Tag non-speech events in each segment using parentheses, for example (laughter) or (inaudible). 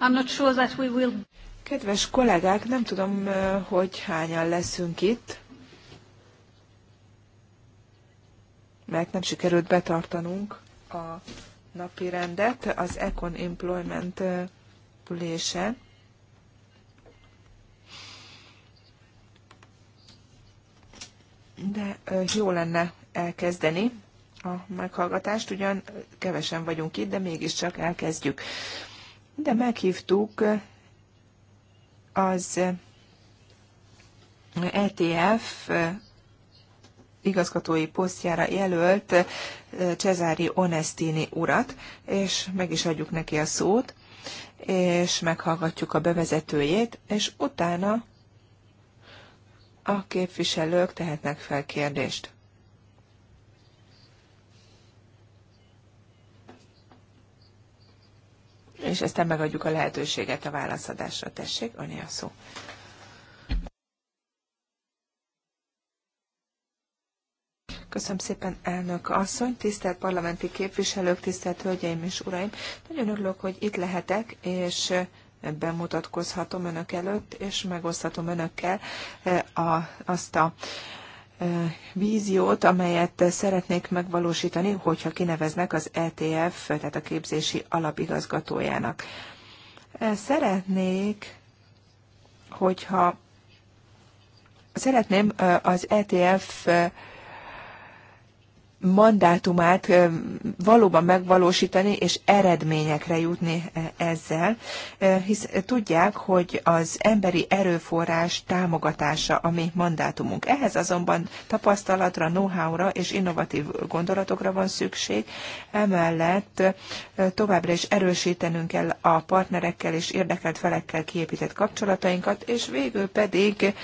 I'm not sure that we will... Kedves kollégák, nem tudom, hogy hányan leszünk itt, mert nem sikerült betartanunk a napi rendet az Econ Employment ülése. De jó lenne elkezdeni a meghallgatást, ugyan kevesen vagyunk itt, de mégiscsak elkezdjük de meghívtuk az ETF igazgatói posztjára jelölt Cezári Onestini urat, és meg is adjuk neki a szót, és meghallgatjuk a bevezetőjét, és utána a képviselők tehetnek fel kérdést. és aztán megadjuk a lehetőséget a válaszadásra. Tessék, öné a szó. Köszönöm szépen, elnök asszony, tisztelt parlamenti képviselők, tisztelt hölgyeim és uraim. Nagyon örülök, hogy itt lehetek, és bemutatkozhatom önök előtt, és megoszthatom önökkel eh, a, azt a víziót, amelyet szeretnék megvalósítani, hogyha kineveznek az ETF, tehát a képzési alapigazgatójának. Szeretnék, hogyha szeretném az ETF mandátumát valóban megvalósítani és eredményekre jutni ezzel, hisz tudják, hogy az emberi erőforrás támogatása a mi mandátumunk. Ehhez azonban tapasztalatra, know-how-ra és innovatív gondolatokra van szükség, emellett továbbra is erősítenünk kell a partnerekkel és érdekelt felekkel kiépített kapcsolatainkat, és végül pedig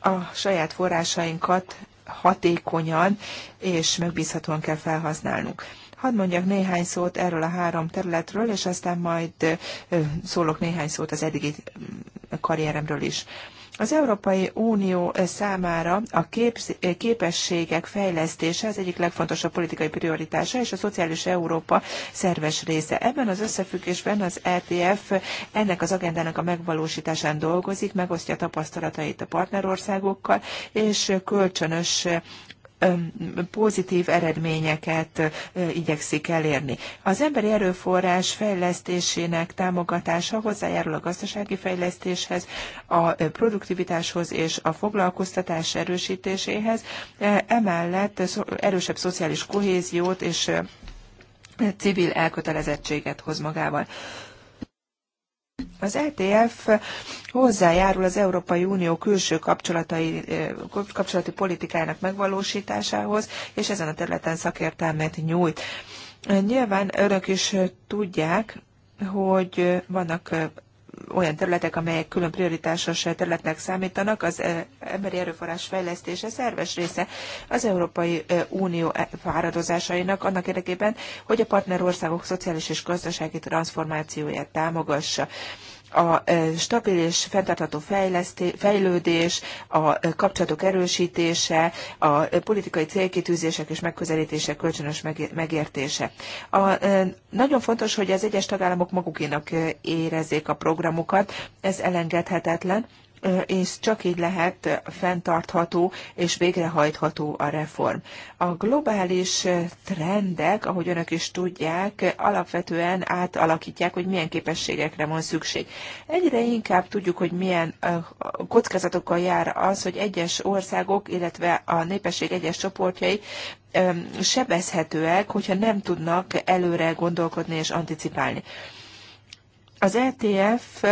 a saját forrásainkat hatékonyan és megbízhatóan kell felhasználnunk. Hadd mondjak néhány szót erről a három területről, és aztán majd szólok néhány szót az eddigi karrieremről is. Az Európai Unió számára a képz, képességek fejlesztése az egyik legfontosabb politikai prioritása, és a szociális Európa szerves része. Ebben az összefüggésben az ETF ennek az agendának a megvalósításán dolgozik, megosztja tapasztalatait a partnerországokkal, és kölcsönös pozitív eredményeket igyekszik elérni. Az emberi erőforrás fejlesztésének támogatása hozzájárul a gazdasági fejlesztéshez, a produktivitáshoz és a foglalkoztatás erősítéséhez, emellett erősebb szociális kohéziót és civil elkötelezettséget hoz magával. Az ETF hozzájárul az Európai Unió külső kapcsolatai, kapcsolati politikájának megvalósításához, és ezen a területen szakértelmet nyújt. Nyilván önök is tudják, hogy vannak olyan területek, amelyek külön prioritásos területnek számítanak, az eh, emberi erőforrás fejlesztése szerves része az Európai eh, Unió eh, fáradozásainak annak érdekében, hogy a partnerországok szociális és gazdasági transformációját támogassa a stabil és fenntartható fejlődés, a kapcsolatok erősítése, a politikai célkitűzések és megközelítések kölcsönös megértése. A, nagyon fontos, hogy az egyes tagállamok magukénak érezzék a programokat, ez elengedhetetlen és csak így lehet fenntartható és végrehajtható a reform. A globális trendek, ahogy önök is tudják, alapvetően átalakítják, hogy milyen képességekre van szükség. Egyre inkább tudjuk, hogy milyen kockázatokkal jár az, hogy egyes országok, illetve a népesség egyes csoportjai sebezhetőek, hogyha nem tudnak előre gondolkodni és anticipálni. Az ETF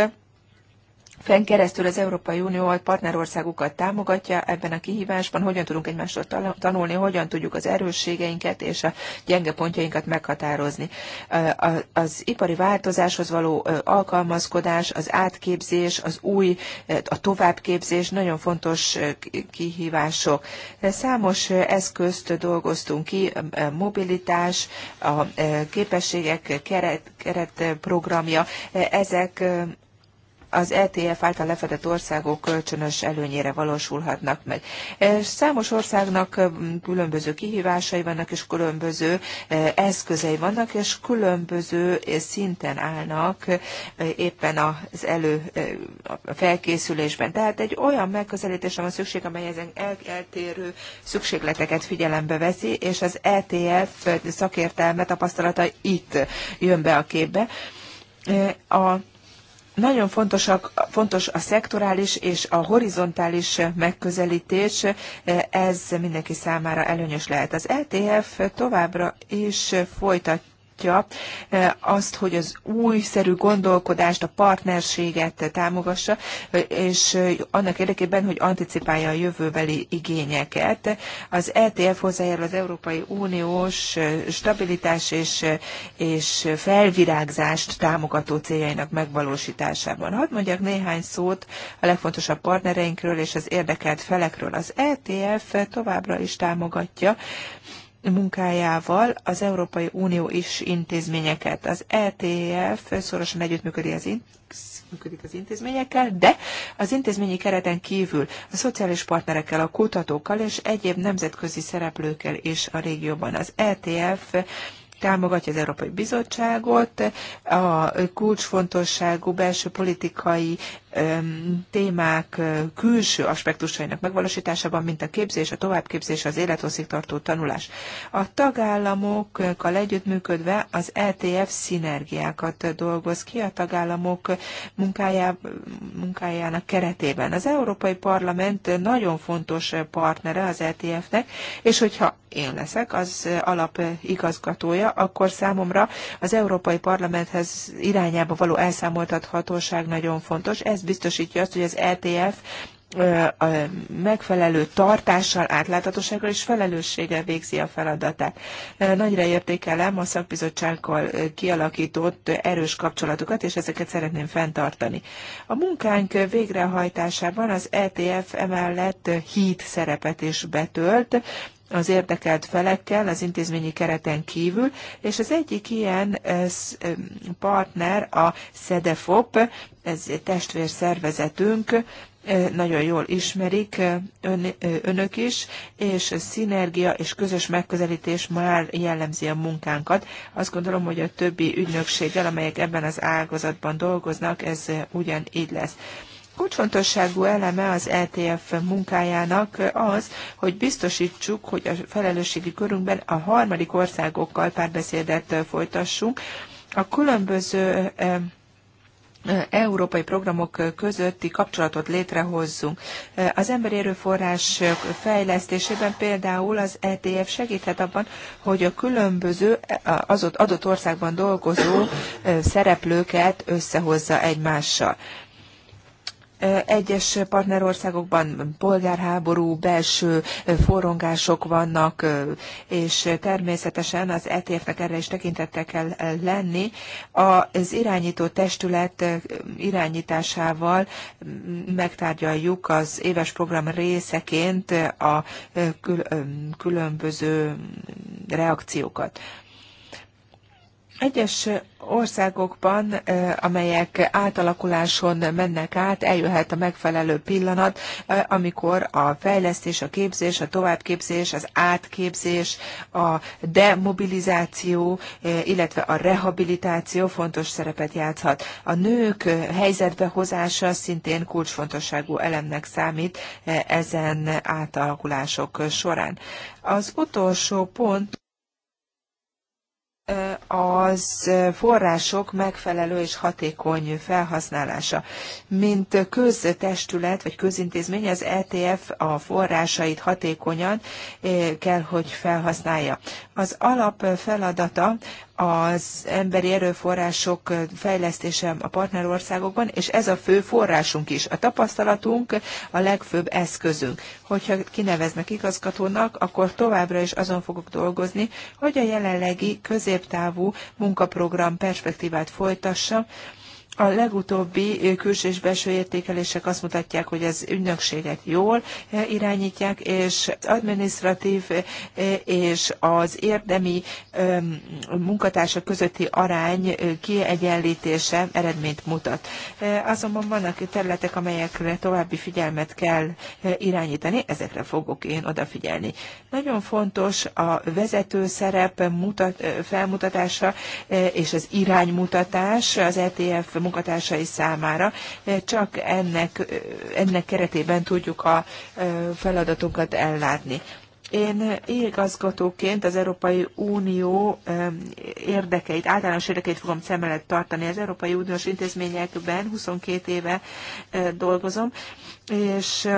Fenn keresztül az Európai Unió a partnerországokat támogatja ebben a kihívásban, hogyan tudunk egymástól tanulni, hogyan tudjuk az erősségeinket és a gyenge pontjainkat meghatározni. Az ipari változáshoz való alkalmazkodás, az átképzés, az új, a továbbképzés nagyon fontos kihívások. Számos eszközt dolgoztunk ki, a mobilitás, a képességek keret, keretprogramja, ezek az ETF által lefedett országok kölcsönös előnyére valósulhatnak meg. E, számos országnak e, különböző kihívásai vannak, és különböző e, eszközei vannak, és különböző szinten állnak éppen az elő a felkészülésben. Tehát egy olyan megközelítésre van szükség, amely ezen el- eltérő szükségleteket figyelembe veszi, és az ETF szakértelme tapasztalata itt jön be a képbe. A nagyon fontosak, fontos a szektorális és a horizontális megközelítés, ez mindenki számára előnyös lehet. Az ETF továbbra is folytat, támogatja eh, azt, hogy az újszerű gondolkodást, a partnerséget támogassa, és eh, annak érdekében, hogy anticipálja a jövőbeli igényeket. Az ETF hozzájárul az Európai Uniós eh, stabilitás és, és felvirágzást támogató céljainak megvalósításában. Hadd mondjak néhány szót a legfontosabb partnereinkről és az érdekelt felekről. Az ETF továbbra is támogatja munkájával az Európai Unió is intézményeket. Az ETF szorosan együttműködik az, in- működik az intézményekkel, de az intézményi kereten kívül a szociális partnerekkel, a kutatókkal és egyéb nemzetközi szereplőkkel is a régióban. Az ETF támogatja az Európai Bizottságot, a kulcsfontosságú belső politikai témák külső aspektusainak megvalósításában, mint a képzés, a továbbképzés, az élethosszígtartó tanulás. A tagállamokkal együttműködve az ETF szinergiákat dolgoz ki a tagállamok munkájá, munkájának keretében. Az Európai Parlament nagyon fontos partnere az ETF-nek, és hogyha én leszek az alapigazgatója, akkor számomra az Európai Parlamenthez irányába való elszámoltathatóság nagyon fontos. Ez biztosítja azt, hogy az ETF a megfelelő tartással, átláthatósággal és felelősséggel végzi a feladatát. Nagyra értékelem a szakbizottsággal kialakított erős kapcsolatokat, és ezeket szeretném fenntartani. A munkánk végrehajtásában az ETF emellett híd szerepet is betölt, az érdekelt felekkel az intézményi kereten kívül, és az egyik ilyen partner a SEDEFOP, ez testvérszervezetünk, nagyon jól ismerik ön, önök is, és szinergia és közös megközelítés már jellemzi a munkánkat. Azt gondolom, hogy a többi ügynökséggel, amelyek ebben az ágazatban dolgoznak, ez ugyanígy lesz. Kulcsfontosságú eleme az LTF e munkájának az, hogy biztosítsuk, hogy a felelősségi körünkben a harmadik országokkal párbeszédet folytassunk. A különböző e, e, európai programok közötti kapcsolatot létrehozzunk. Az emberi erőforrás fejlesztésében például az ETF segíthet abban, hogy a különböző az adott országban dolgozó szereplőket összehozza egymással. Egyes partnerországokban polgárháború, belső forrongások vannak, és természetesen az ETF-nek erre is tekintettel kell lenni. Az irányító testület irányításával megtárgyaljuk az éves program részeként a különböző reakciókat. Egyes országokban, eh, amelyek átalakuláson mennek át, eljöhet a megfelelő pillanat, eh, amikor a fejlesztés, a képzés, a továbbképzés, az átképzés, a demobilizáció, eh, illetve a rehabilitáció fontos szerepet játszhat. A nők helyzetbe hozása szintén kulcsfontosságú elemnek számít ezen átalakulások során. Az utolsó pont, az források megfelelő és hatékony felhasználása. Mint köztestület vagy közintézmény az ETF a forrásait hatékonyan eh, kell, hogy felhasználja. Az alap feladata az emberi erőforrások fejlesztése a partnerországokban, és ez a fő forrásunk is. A tapasztalatunk a legfőbb eszközünk. Hogyha kineveznek igazgatónak, akkor továbbra is azon fogok dolgozni, hogy a jelenlegi középtávú munkaprogram perspektívát folytassam, a legutóbbi külső és belső értékelések azt mutatják, hogy az ügynökséget jól irányítják, és az administratív és az érdemi munkatársak közötti arány kiegyenlítése eredményt mutat. Azonban vannak területek, amelyekre további figyelmet kell irányítani, ezekre fogok én odafigyelni. Nagyon fontos a vezető szerep mutat, felmutatása és az iránymutatás az ETF munkatársai számára. Eh, csak ennek, eh, ennek keretében tudjuk a eh, feladatunkat ellátni. Én igazgatóként az Európai Unió érdekeit, általános érdekeit fogom szem előtt tartani. Az Európai Uniós intézményekben 22 éve dolgozom, és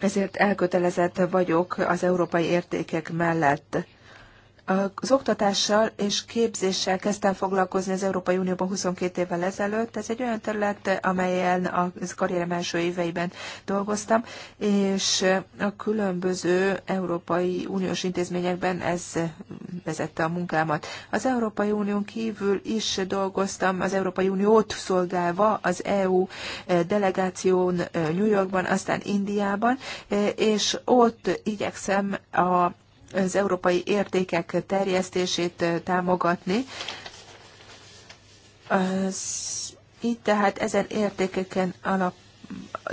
ezért elkötelezett vagyok az európai értékek mellett. Az oktatással és képzéssel kezdtem foglalkozni az Európai Unióban 22 évvel ezelőtt. Ez egy olyan terület, amelyen a karrierem első éveiben dolgoztam, és a különböző Európai Uniós intézményekben ez vezette a munkámat. Az Európai Unión kívül is dolgoztam, az Európai Uniót szolgálva az EU delegáción eh, New Yorkban, aztán Indiában, eh, és ott igyekszem a az európai értékek terjesztését támogatni. Az, így tehát ezen értékeken alap,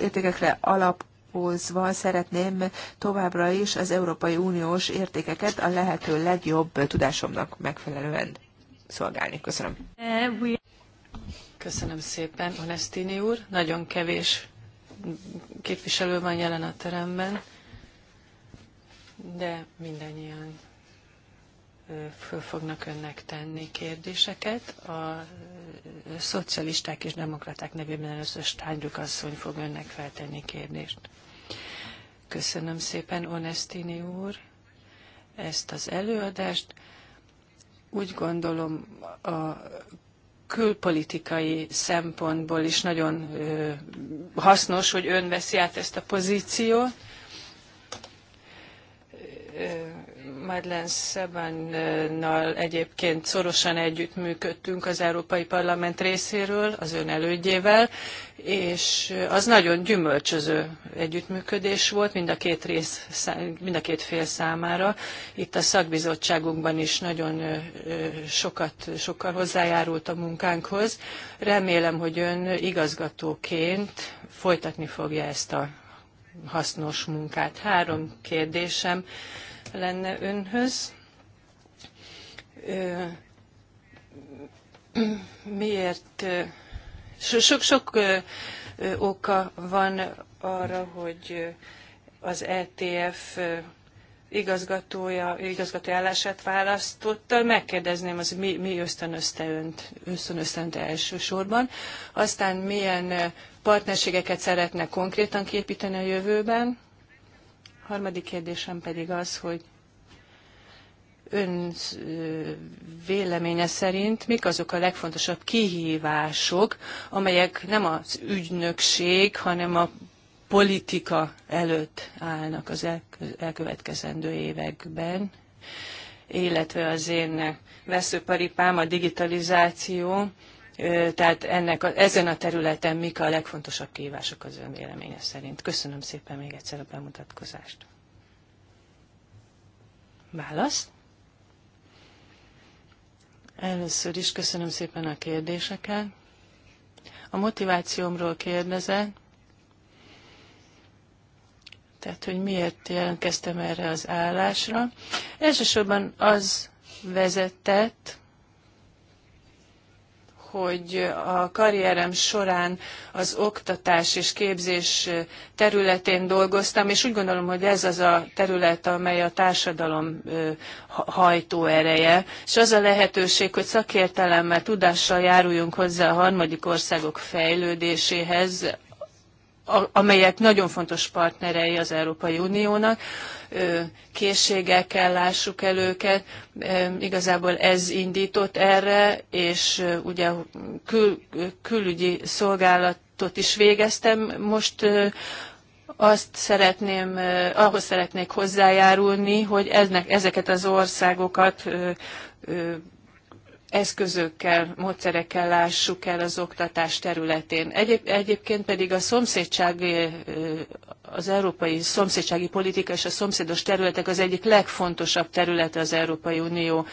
értékekre alapozva szeretném továbbra is az Európai Uniós értékeket a lehető legjobb tudásomnak megfelelően szolgálni. Köszönöm. Köszönöm szépen, Onestini úr. Nagyon kevés képviselő van jelen a teremben de mindannyian föl fognak önnek tenni kérdéseket. A szocialisták és demokraták nevében először Stányruk asszony fog önnek feltenni kérdést. Köszönöm szépen, Onestini úr, ezt az előadást. Úgy gondolom, a külpolitikai szempontból is nagyon hasznos, hogy ön veszi át ezt a pozíciót Madeleine Szebannal egyébként szorosan együttműködtünk az Európai Parlament részéről, az ön elődjével, és az nagyon gyümölcsöző együttműködés volt mind a két, rész, mind a két fél számára. Itt a szakbizottságunkban is nagyon sokat, sokkal hozzájárult a munkánkhoz. Remélem, hogy ön igazgatóként folytatni fogja ezt a hasznos munkát. Három kérdésem lenne önhöz. Miért? Sok-sok oka van arra, hogy az ETF igazgatója, igazgatói állását választotta, megkérdezném, az mi, mi ösztönözte önt, ösztönözte önt elsősorban, aztán milyen eh, partnerségeket szeretne konkrétan képíteni a jövőben. Harmadik kérdésem pedig az, hogy ön eh, véleménye szerint mik azok a legfontosabb kihívások, amelyek nem az ügynökség, hanem a politika előtt állnak az elkövetkezendő években, illetve az én veszőparipám a digitalizáció, tehát ennek a, ezen a területen mik a legfontosabb kívások az ön véleménye szerint. Köszönöm szépen még egyszer a bemutatkozást. Válasz? Először is köszönöm szépen a kérdéseket. A motivációmról kérdezett tehát, hogy miért jelentkeztem erre az állásra. Elsősorban az vezetett, hogy a karrierem során az oktatás és képzés területén dolgoztam, és úgy gondolom, hogy ez az a terület, amely a társadalom hajtó ereje, és az a lehetőség, hogy szakértelemmel, tudással járuljunk hozzá a harmadik országok fejlődéséhez, amelyek nagyon fontos partnerei az Európai Uniónak. Készségekkel lássuk el őket. Igazából ez indított erre, és ugye kül, külügyi szolgálatot is végeztem. Most azt szeretném, ahhoz szeretnék hozzájárulni, hogy eznek, ezeket az országokat eszközökkel, módszerekkel lássuk el az oktatás területén. Egyéb, egyébként pedig a szomszédság, az európai szomszédsági politika és a szomszédos területek az egyik legfontosabb területe az Európai Unió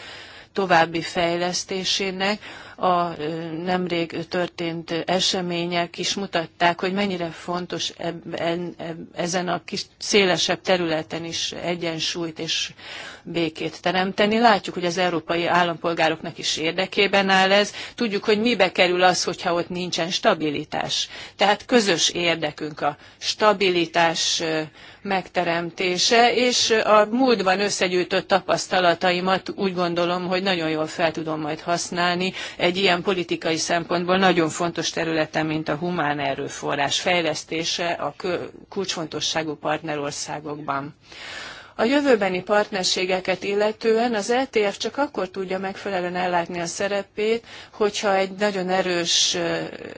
további fejlesztésének. A nemrég történt események is mutatták, hogy mennyire fontos ebben, ezen a kis szélesebb területen is egyensúlyt és békét teremteni. Látjuk, hogy az európai állampolgároknak is érdekében áll ez. Tudjuk, hogy mibe kerül az, hogyha ott nincsen stabilitás. Tehát közös érdekünk a stabilitás megteremtése, és a múltban összegyűjtött tapasztalataimat úgy gondolom, hogy nagyon jól fel tudom majd használni egy ilyen politikai szempontból nagyon fontos területen, mint a humán erőforrás fejlesztése a kulcsfontosságú partnerországokban. A jövőbeni partnerségeket illetően az LTF e csak akkor tudja megfelelően ellátni a szerepét, hogyha egy nagyon erős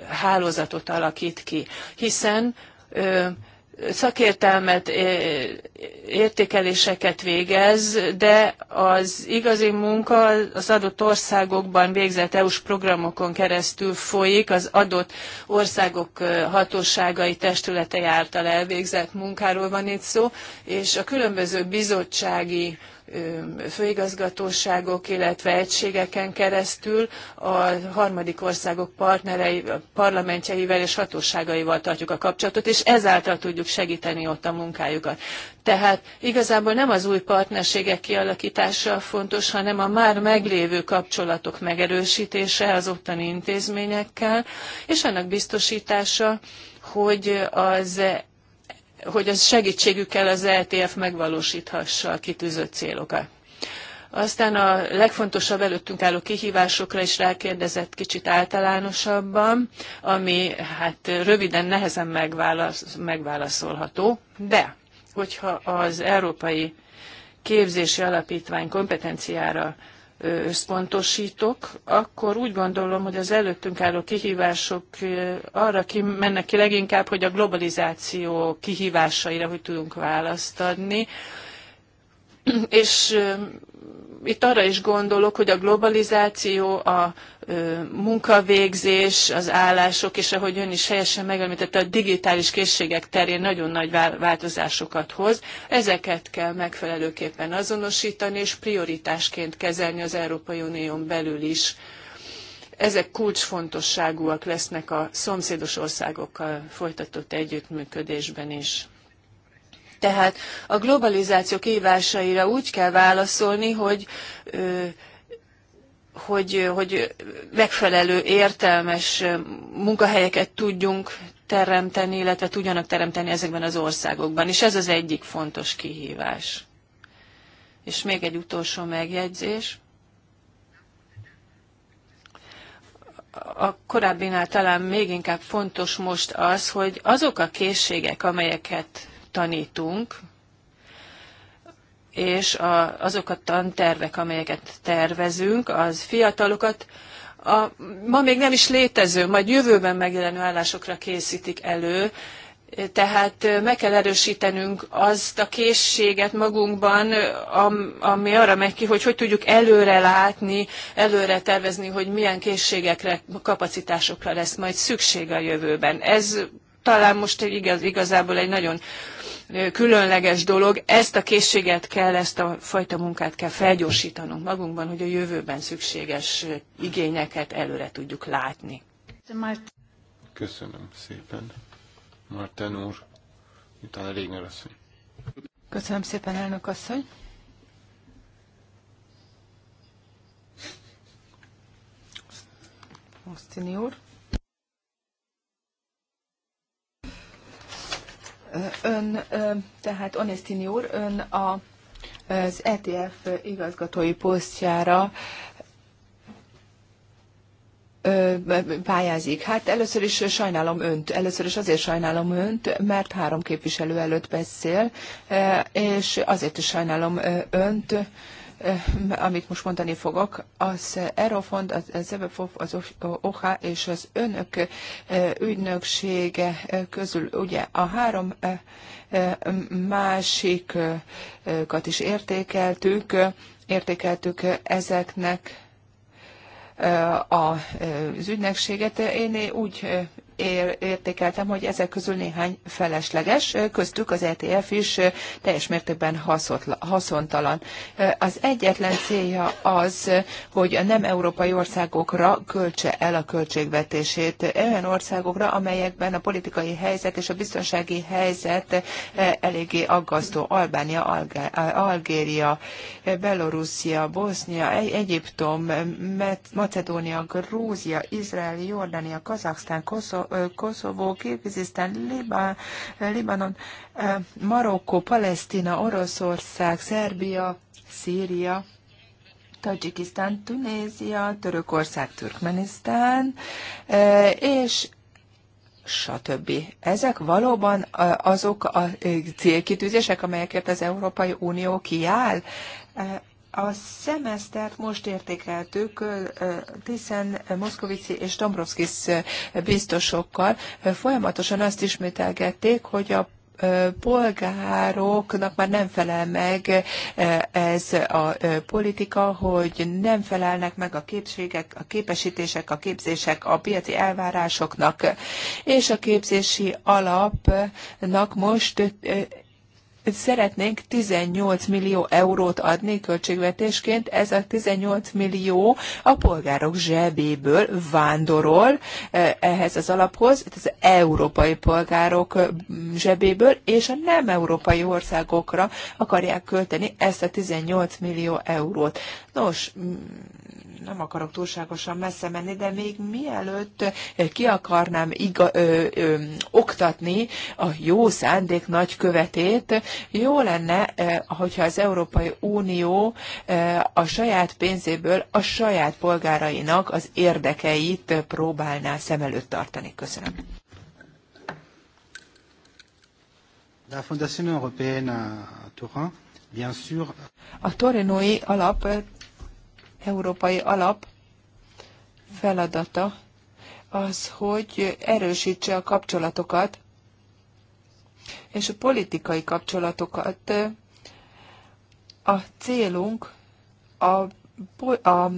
hálózatot alakít ki, hiszen szakértelmet, értékeléseket végez, de az igazi munka az adott országokban végzett EU-s programokon keresztül folyik, az adott országok hatóságai testületei által elvégzett munkáról van itt szó, és a különböző bizottsági főigazgatóságok, illetve egységeken keresztül a harmadik országok partnerei, parlamentjeivel és hatóságaival tartjuk a kapcsolatot, és ezáltal tudjuk segíteni ott a munkájukat. Tehát igazából nem az új partnerségek kialakítása fontos, hanem a már meglévő kapcsolatok megerősítése az ottani intézményekkel, és annak biztosítása, hogy az hogy az segítségükkel az ETF megvalósíthassa a kitűzött célokat. Aztán a legfontosabb előttünk álló kihívásokra is rákérdezett kicsit általánosabban, ami hát röviden nehezen megválasz, megválaszolható, de hogyha az Európai Képzési Alapítvány kompetenciára összpontosítok, akkor úgy gondolom, hogy az előttünk álló kihívások arra ki, mennek ki leginkább, hogy a globalizáció kihívásaira hogy tudunk választ adni. (clears throat) És itt arra is gondolok, hogy a globalizáció, a munkavégzés, az állások, és ahogy ön is helyesen megemlítette, a digitális készségek terén nagyon nagy változásokat hoz. Ezeket kell megfelelőképpen azonosítani, és prioritásként kezelni az Európai Unión belül is. Ezek kulcsfontosságúak lesznek a szomszédos országokkal folytatott együttműködésben is. Tehát a globalizáció kívásaira úgy kell válaszolni, hogy hogy, hogy megfelelő, értelmes munkahelyeket tudjunk teremteni, illetve tudjanak teremteni ezekben az országokban. És ez az egyik fontos kihívás. És még egy utolsó megjegyzés. a korábbinál talán még inkább fontos most az, hogy azok a készségek, amelyeket tanítunk, és a, azok a tantervek, amelyeket tervezünk, az fiatalokat a ma még nem is létező, majd jövőben megjelenő állásokra készítik elő, tehát meg kell erősítenünk azt a készséget magunkban, ami arra megy ki, hogy hogy tudjuk előre látni, előre tervezni, hogy milyen készségekre, kapacitásokra lesz majd szükség a jövőben. Ez talán most igaz, igazából egy nagyon különleges dolog. Ezt a készséget kell, ezt a fajta munkát kell felgyorsítanunk magunkban, hogy a jövőben szükséges igényeket előre tudjuk látni. Köszönöm szépen. Marten úr, utána Régner asszony. Köszönöm szépen, elnök asszony. Osztini úr. Ön, tehát Onestini úr, ön a, az ETF igazgatói posztjára pályázik. Hát először is sajnálom önt. Először is azért sajnálom önt, mert három képviselő előtt beszél, és azért is sajnálom önt, amit most mondani fogok, az Eurofond, az EBFOF, az OHA és az önök ügynöksége közül ugye a három másikat is értékeltük, értékeltük ezeknek az ügynökséget. Én úgy értékeltem, hogy ezek közül néhány felesleges, köztük az ETF is teljes mértékben haszontalan. Az egyetlen célja az, hogy a nem európai országokra költse el a költségvetését, olyan országokra, amelyekben a politikai helyzet és a biztonsági helyzet eléggé aggasztó. Albánia, Algéria, Belorusszia, Bosznia, Egyiptom, Macedónia, Grúzia, Izrael, Jordánia, Kazaksztán, Koszov, Koszovó, Kirgizisztán, Libanon, Marokkó, Palesztina, Oroszország, Szerbia, Szíria, Tajikisztán, Tunézia, Törökország, Türkmenisztán, és stb. Ezek valóban azok a célkitűzések, amelyeket az Európai Unió kiáll. A szemesztert most értékeltük Tiszen, Moszkovici és Dombrovskis biztosokkal. Folyamatosan azt ismételgették, hogy a polgároknak már nem felel meg ez a politika, hogy nem felelnek meg a képességek, a képesítések, a képzések a piaci elvárásoknak, és a képzési alapnak most szeretnénk 18 millió eurót adni költségvetésként, ez a 18 millió a polgárok zsebéből vándorol e, ehhez az alaphoz, ez az európai polgárok e, zsebéből, és a nem európai országokra akarják költeni ezt a 18 millió eurót. Nos, nem akarok túlságosan messze menni, de még mielőtt ki akarnám iga, ö, ö, oktatni a jó szándék nagykövetét, jó lenne, hogyha az Európai Unió a saját pénzéből a saját polgárainak az érdekeit próbálná szem előtt tartani. Köszönöm. La Fondation Européenne à Turin, bien sûr. A Torinoi alap európai alap feladata az, hogy erősítse a kapcsolatokat, és a politikai kapcsolatokat. A célunk a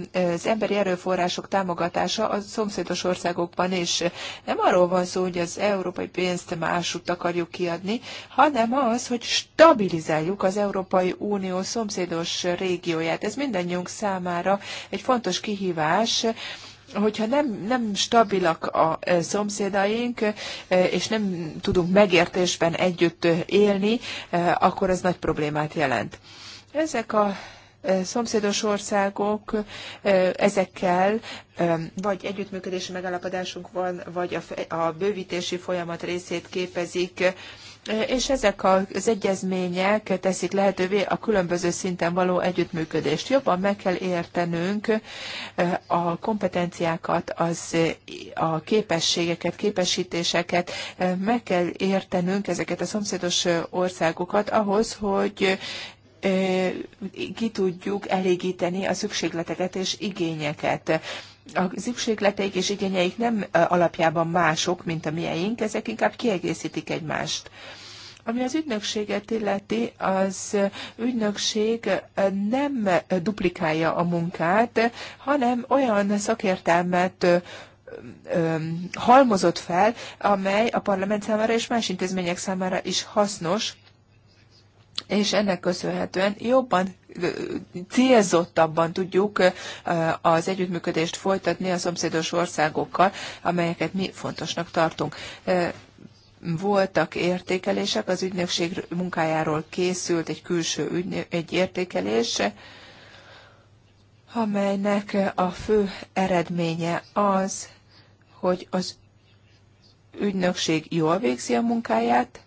az emberi erőforrások támogatása a szomszédos országokban is. Nem arról van szó, hogy az európai pénzt másút akarjuk kiadni, hanem az, hogy stabilizáljuk az Európai Unió szomszédos régióját. Ez mindannyiunk számára egy fontos kihívás, hogyha nem, nem stabilak a e, szomszédaink, e, és nem tudunk megértésben együtt élni, e, akkor ez nagy problémát jelent. Ezek a szomszédos országok ezekkel vagy együttműködési megállapodásunk van, vagy a, bővítési folyamat részét képezik, és ezek az egyezmények teszik lehetővé a különböző szinten való együttműködést. Jobban meg kell értenünk a kompetenciákat, az, a képességeket, képesítéseket, meg kell értenünk ezeket a szomszédos országokat ahhoz, hogy ki tudjuk elégíteni a szükségleteket és igényeket. A szükségleteik és igényeik nem alapjában mások, mint a mieink, ezek inkább kiegészítik egymást. Ami az ügynökséget illeti, az ügynökség nem duplikálja a munkát, hanem olyan szakértelmet halmozott fel, amely a parlament számára és más intézmények számára is hasznos, és ennek köszönhetően jobban célzottabban tudjuk az együttműködést folytatni a szomszédos országokkal, amelyeket mi fontosnak tartunk. Voltak értékelések, az ügynökség munkájáról készült egy külső ügynö- egy értékelés, amelynek a fő eredménye az, hogy az ügynökség jól végzi a munkáját,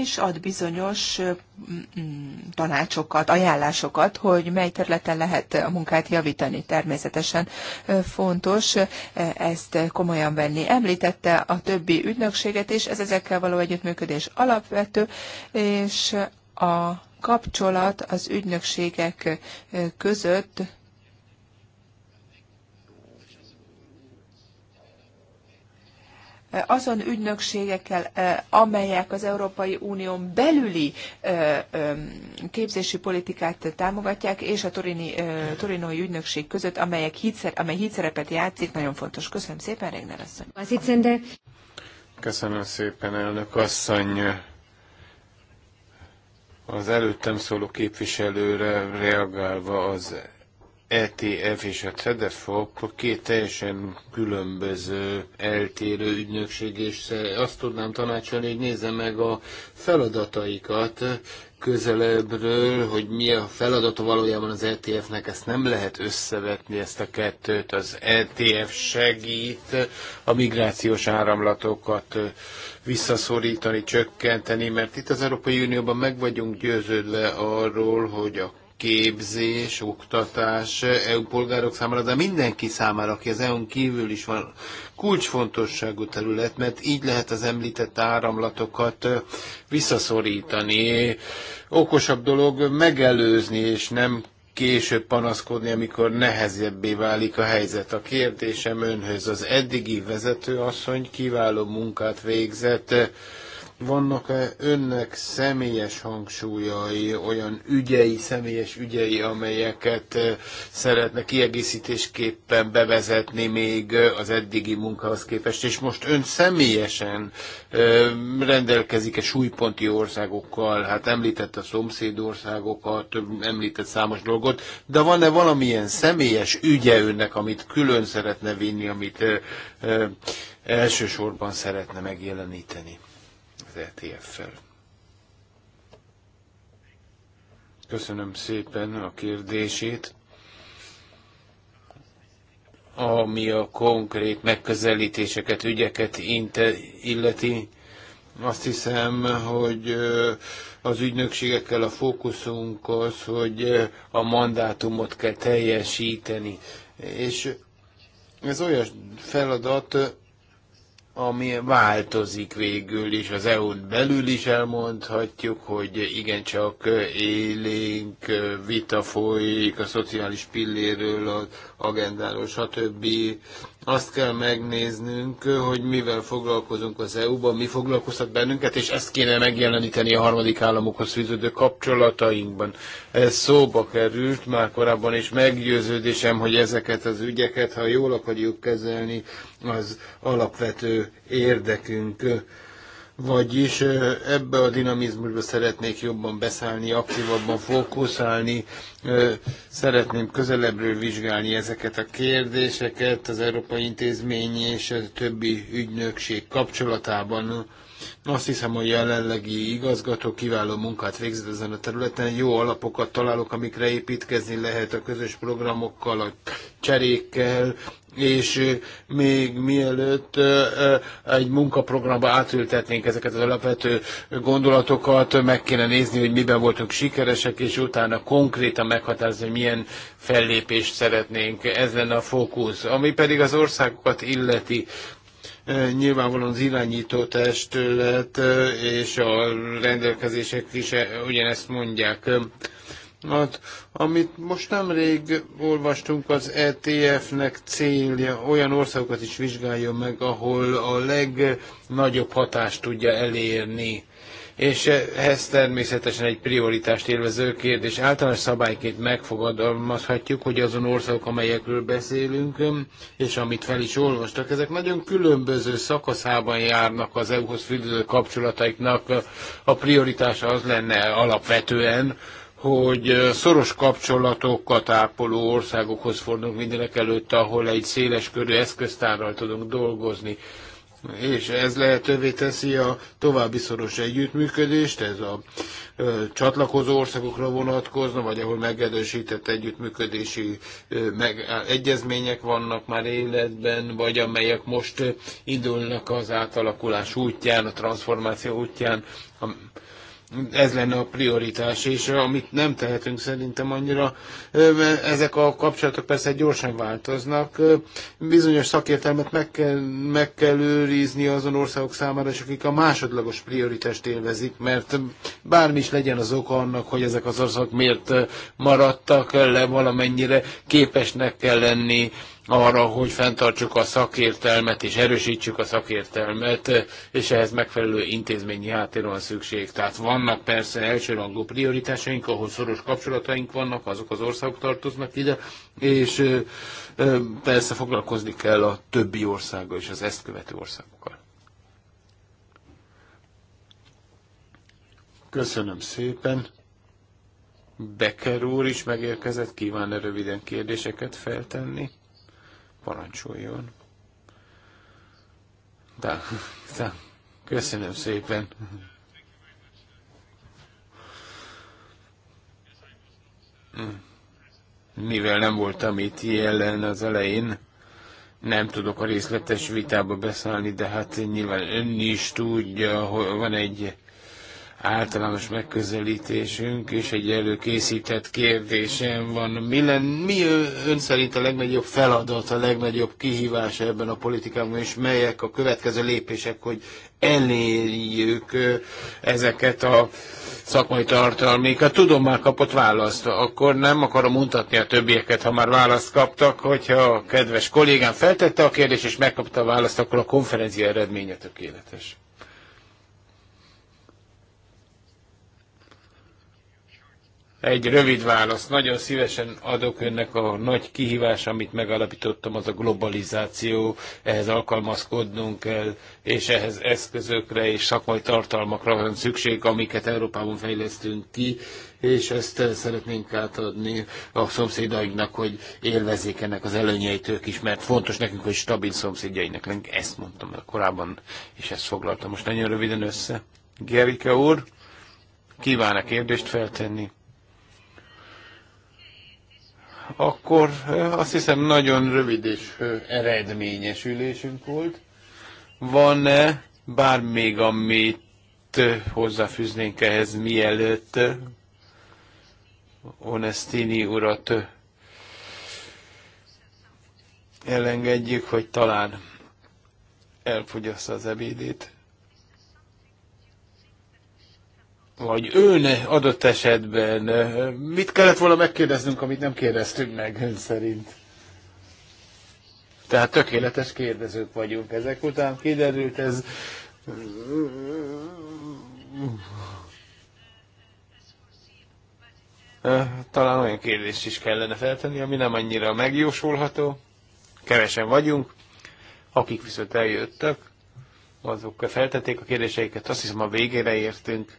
és ad bizonyos mm, mm, tanácsokat, ajánlásokat, hogy mely területen lehet a munkát javítani. Természetesen fontos ezt komolyan venni. Említette a többi ügynökséget is, ez ezekkel való együttműködés alapvető, és a kapcsolat az ügynökségek között azon ügynökségekkel, eh, amelyek az Európai Unión belüli eh, képzési politikát támogatják, és a Torini, eh, Torinói ügynökség között, amelyek hídszer, amely hitszerepet játszik, nagyon fontos. Köszönöm szépen, Regner asszony. Köszönöm szépen, elnök asszony. Az előttem szóló képviselőre reagálva az ETF és a CEDEFOP két teljesen különböző eltérő ügynökség, és e, azt tudnám tanácsolni, hogy nézze meg a feladataikat közelebbről, hogy mi a feladata valójában az ETF-nek, ezt nem lehet összevetni, ezt a kettőt. Az ETF segít a migrációs áramlatokat visszaszorítani, csökkenteni, mert itt az Európai Unióban meg vagyunk győződve arról, hogy a képzés, oktatás EU polgárok számára, de mindenki számára, aki az EU-n kívül is van, kulcsfontosságú terület, mert így lehet az említett áramlatokat visszaszorítani. Okosabb dolog megelőzni, és nem később panaszkodni, amikor nehezebbé válik a helyzet. A kérdésem önhöz, az eddigi vezető asszony kiváló munkát végzett, vannak-e önnek személyes hangsúlyai, olyan ügyei, személyes ügyei, amelyeket eh, szeretne kiegészítésképpen bevezetni még eh, az eddigi munkahoz képest, és most ön személyesen eh, rendelkezik-e súlyponti országokkal, hát említett a szomszédországokat, említett számos dolgot, de van-e valamilyen személyes ügye önnek, amit külön szeretne vinni, amit elsősorban szeretne megjeleníteni? az ETF-fel. Köszönöm szépen a kérdését. Ami a konkrét megközelítéseket, ügyeket illeti, azt hiszem, hogy az ügynökségekkel a fókuszunk az, hogy a mandátumot kell teljesíteni. És ez olyan feladat, ami változik végül is, az EU-n belül is elmondhatjuk, hogy igencsak élénk vita folyik a szociális pilléről, az agendáról, stb. Azt kell megnéznünk, hogy mivel foglalkozunk az EU-ban, mi foglalkoztat bennünket, és ezt kéne megjeleníteni a harmadik államokhoz fűződő kapcsolatainkban. Ez szóba került már korábban, és meggyőződésem, hogy ezeket az ügyeket, ha jól akarjuk kezelni, az alapvető érdekünk vagyis ebbe a dinamizmusba szeretnék jobban beszállni, aktívabban fókuszálni, szeretném közelebbről vizsgálni ezeket a kérdéseket az Európai Intézmény és a többi ügynökség kapcsolatában. Azt hiszem, a jelenlegi igazgató kiváló munkát végzett ezen a területen. Jó alapokat találok, amikre építkezni lehet a közös programokkal, a cserékkel, és még mielőtt egy munkaprogramba átültetnénk ezeket az alapvető gondolatokat, meg kéne nézni, hogy miben voltunk sikeresek, és utána konkrétan meghatározni, hogy milyen fellépést szeretnénk. Ez lenne a fókusz. Ami pedig az országokat illeti, nyilvánvalóan az irányító testület és a rendelkezések is ugyanezt mondják. Hát, amit most nemrég olvastunk, az ETF-nek célja olyan országokat is vizsgáljon meg, ahol a legnagyobb hatást tudja elérni. És ez természetesen egy prioritást élvező kérdés. Általános szabályként megfogadalmazhatjuk, hogy azon országok, amelyekről beszélünk, és amit fel is olvastak, ezek nagyon különböző szakaszában járnak az EU-hoz fűződő kapcsolataiknak. A prioritása az lenne alapvetően, hogy szoros kapcsolatokat ápoló országokhoz fordulunk mindenek előtt, ahol egy széles körű eszköztárral tudunk dolgozni. És ez lehetővé teszi a további szoros együttműködést, ez a ö, csatlakozó országokra vonatkozna, vagy ahol megerősített együttműködési ö, meg, egyezmények vannak már életben, vagy amelyek most indulnak az átalakulás útján, a transformáció útján. A, ez lenne a prioritás, és amit nem tehetünk szerintem annyira, ezek a kapcsolatok persze gyorsan változnak. Bizonyos szakértelmet meg kell, meg kell őrizni azon országok számára, és akik a másodlagos prioritást élvezik, mert bármi is legyen az oka annak, hogy ezek az országok miért maradtak le, valamennyire képesnek kell lenni arra, hogy fenntartsuk a szakértelmet és erősítsük a szakértelmet, és ehhez megfelelő intézményi háttér van szükség. Tehát vannak persze elsőrangú prioritásaink, ahol szoros kapcsolataink vannak, azok az országok tartoznak ide, és persze foglalkozni kell a többi országgal és az ezt követő országokkal. Köszönöm szépen. Becker úr is megérkezett, kíván -e röviden kérdéseket feltenni? parancsoljon. De, de, köszönöm szépen. Mivel nem voltam itt jelen az elején, nem tudok a részletes vitába beszállni, de hát nyilván ön is tudja, hogy van egy általános megközelítésünk, és egy előkészített kérdésem van. Mi, len, mi ön szerint a legnagyobb feladat, a legnagyobb kihívás ebben a politikában, és melyek a következő lépések, hogy elérjük ezeket a szakmai tartalmékat. Tudom, már kapott választ, akkor nem akarom mutatni a többieket, ha már választ kaptak, hogyha a kedves kollégám feltette a kérdést, és megkapta a választ, akkor a konferencia eredménye tökéletes. Egy rövid válasz. Nagyon szívesen adok önnek a nagy kihívás, amit megalapítottam, az a globalizáció. Ehhez alkalmazkodnunk kell, és ehhez eszközökre és szakmai tartalmakra van szükség, amiket Európában fejlesztünk ki, és ezt szeretnénk átadni a szomszédainknak, hogy élvezzék ennek az előnyeit ők is, mert fontos nekünk, hogy stabil szomszédjainknak lenni. Ezt mondtam el korábban, és ezt foglaltam most nagyon röviden össze. Gerike úr, kíván-e kérdést feltenni? akkor azt hiszem nagyon rövid és eredményes ülésünk volt. Van-e bár még amit hozzáfűznénk ehhez, mielőtt Onestini urat elengedjük, hogy talán elfogyassza az ebédét. vagy őne adott esetben mit kellett volna megkérdeznünk, amit nem kérdeztünk meg ön szerint? Tehát tökéletes kérdezők vagyunk. Ezek után kiderült ez. Talán olyan kérdést is kellene feltenni, ami nem annyira megjósolható. Kevesen vagyunk. Akik viszont eljöttek, azok feltették a kérdéseiket. Azt hiszem a végére értünk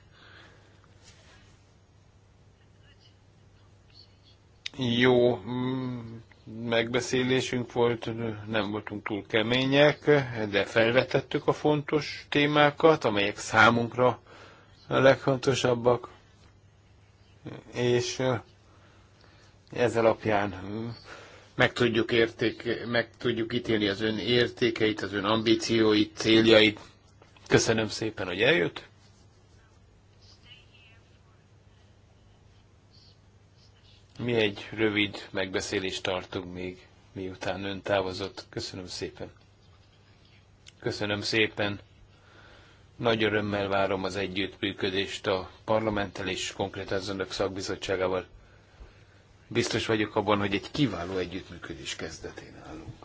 jó mm, megbeszélésünk volt, nem voltunk túl kemények, de felvetettük a fontos témákat, amelyek számunkra a legfontosabbak, és ez alapján mm, meg tudjuk, érték, meg tudjuk ítélni az ön értékeit, az ön ambícióit, céljait. Köszönöm szépen, hogy eljött. Mi egy rövid megbeszélést tartunk még, miután ön távozott. Köszönöm szépen. Köszönöm szépen. Nagy örömmel várom az együttműködést a parlamenttel és konkrétan az önök szakbizottságával. Biztos vagyok abban, hogy egy kiváló együttműködés kezdetén állunk.